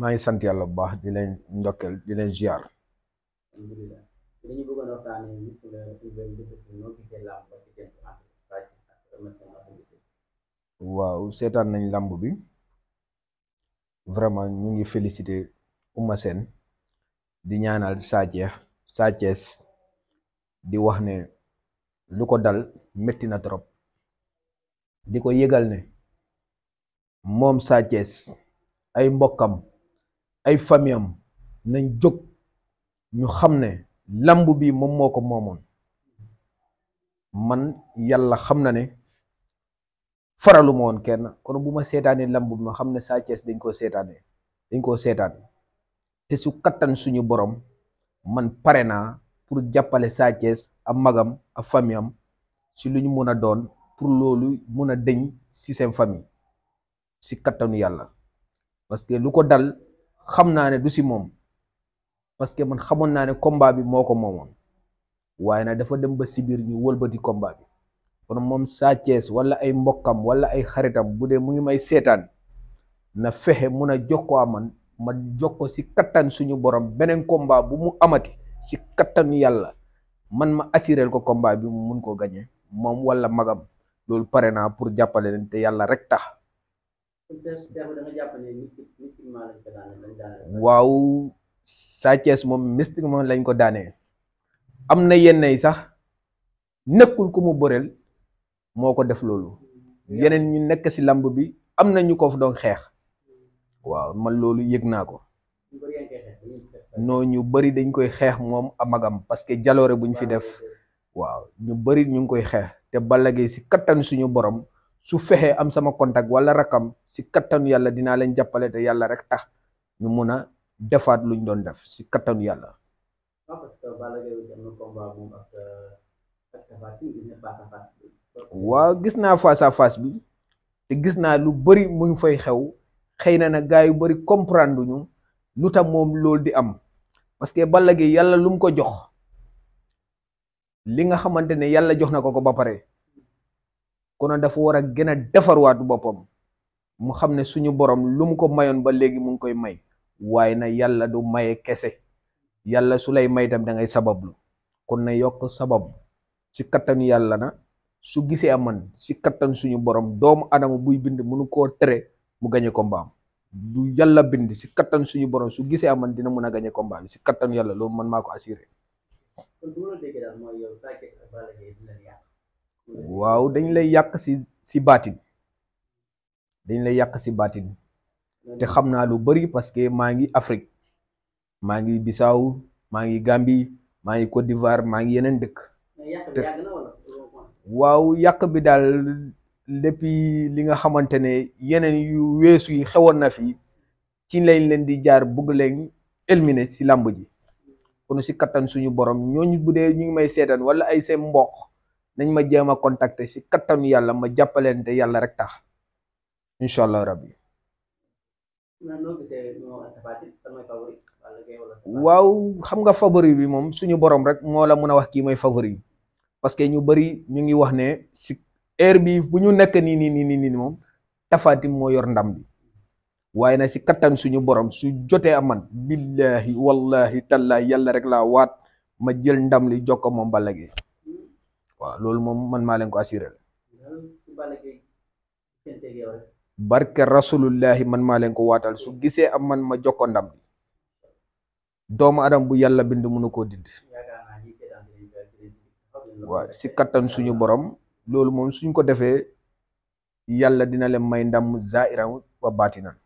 maa ngi sant yàlla bu baax di leen ndokkeel di leen ziar. waaw seetaan nañ làmb bi vraiment ñu ngi félicité Ouma Sène di ñaanal Sathies Sathies di wax ne lu ko dal metti na trop di ko yëgal ne moom Sathies ay mbokkam ay famille am nañ jóg ñu xam ne lamb bi moom moo ko moomoon man yàlla xam na ne faralu ma woon kenn kon bu ma seetaanee lamb bi ma xam ne Sa Thiès dañ koo seetaanee dañ koo seetaan te su kattan suñu boroom man pare naa pour jàppale Sa Thiès ak magam ak famille am ci lu ñu mun a doon pour loolu mun a deñ ci seen famille ci kattanu yàlla parce lu ko dal. xam naa ne du si moom parce que man xamoon naa ne combat bi moo ko moom waaye nag dafa dem ba si biir ñu wëlbati combat bi kon moom Sa Thiès wala ay mbokkam wala ay xaritam bu dee mu ngi may seetaan na fexe mun a jokkoo a man ma jokkoo si kattan suñu borom beneen combat bu mu amati si kattan yàlla man ma assuré ko combat bi mu mun koo gañe moom wala magam loolu pare naa pour jàppale leen te yàlla rek tax. waaw Sa Thiès moom mystiquement lañ ko daanee am na yenn yi sax nekkul ku mu bëreel moo ko def loolu yeneen ñu nekk ci làmb bi am na ñu ko fa doon xeex waaw man loolu yëg naa ko noo ñu bari dañ koy xeex moom amagam parce que jaloore bu fi def waaw ñu bari ñu ngi koy xeex te Balla Gaye ci kattan suñu boroom su fexee am sama contact wala rakam si kattanu yàlla dinaa leen jàppale te yàlla rek tax ñu mun a defaat luñ doon def si kattanu yàlla. Euh, waaw gis naa face à bi te gis naa lu bëri mu fay xew xëy na nag gars yu bëri comprendre ñu lu tax moom loolu di am parce que Balla Gaye yàlla lu mu ko jox li nga xamante ne yàlla jox na ko ko ba pare. kono dafa war a gën a defarwaatu boppam mu xam ne suñu borom lu mu ko mayoon ba léegi mu ngi koy may waaye na yàlla du maye kese yàlla su lay may tam da ngay sabablu kon na yokk sabab ci kattanu yàlla na su gisee a man ci kattan suñu borom doomu adama buy bind mënu koo tere mu gañe ko mbaam du yàlla bind ci kattan suñu borom su gisee a man dina mun a gañe ko mbaam ci kattanu yàlla loolu man maa ko assuré. waaw dañ lay yàq si si baatin dañ lay yàq si baatin te xam naa lu bari parce que maa ngi Afrique maa ngi Bissau maa ngi Gambie maa ngi Côte d'Ivoire maa ngi yeneen dëkk te waaw yàq bi daal depuis li nga xamante ne yeneen yu weesu yi xewoon na fi ci lañ leen di jaar bëgg leen éliminer si làmb ji kon si kattan suñu borom ñooñu bu dee ñu ngi may seetaan wala ay seen mboq nañ ma jéem a contacter si kattanu yàlla ma jàppaleen te yàlla rek tax incha allah rabbi waaw xam nga favori bi moom suñu borom rek moo la mun a wax kii may favori parce que ñu bari ñu ngi wax ne si heure bi bu ñu nekk nii nii nii nii moom tafaati moo yor ndam bi waaye na si kattan suñu borom su jotee a man billahi wallahi tallahi yàlla rek laa waat ma jël ndam li jokko moom Balla Gaye loolu moom man maa leen ko assuré barke rasulullahi man maa leen ko waatal su gisee am man ma jokko ndam bi doomu adam bu yàlla bind mënu koo dindi si kattan suñu borom loolu moom suñ ko defee yàlla dina leen may ndam zairan wa baatinan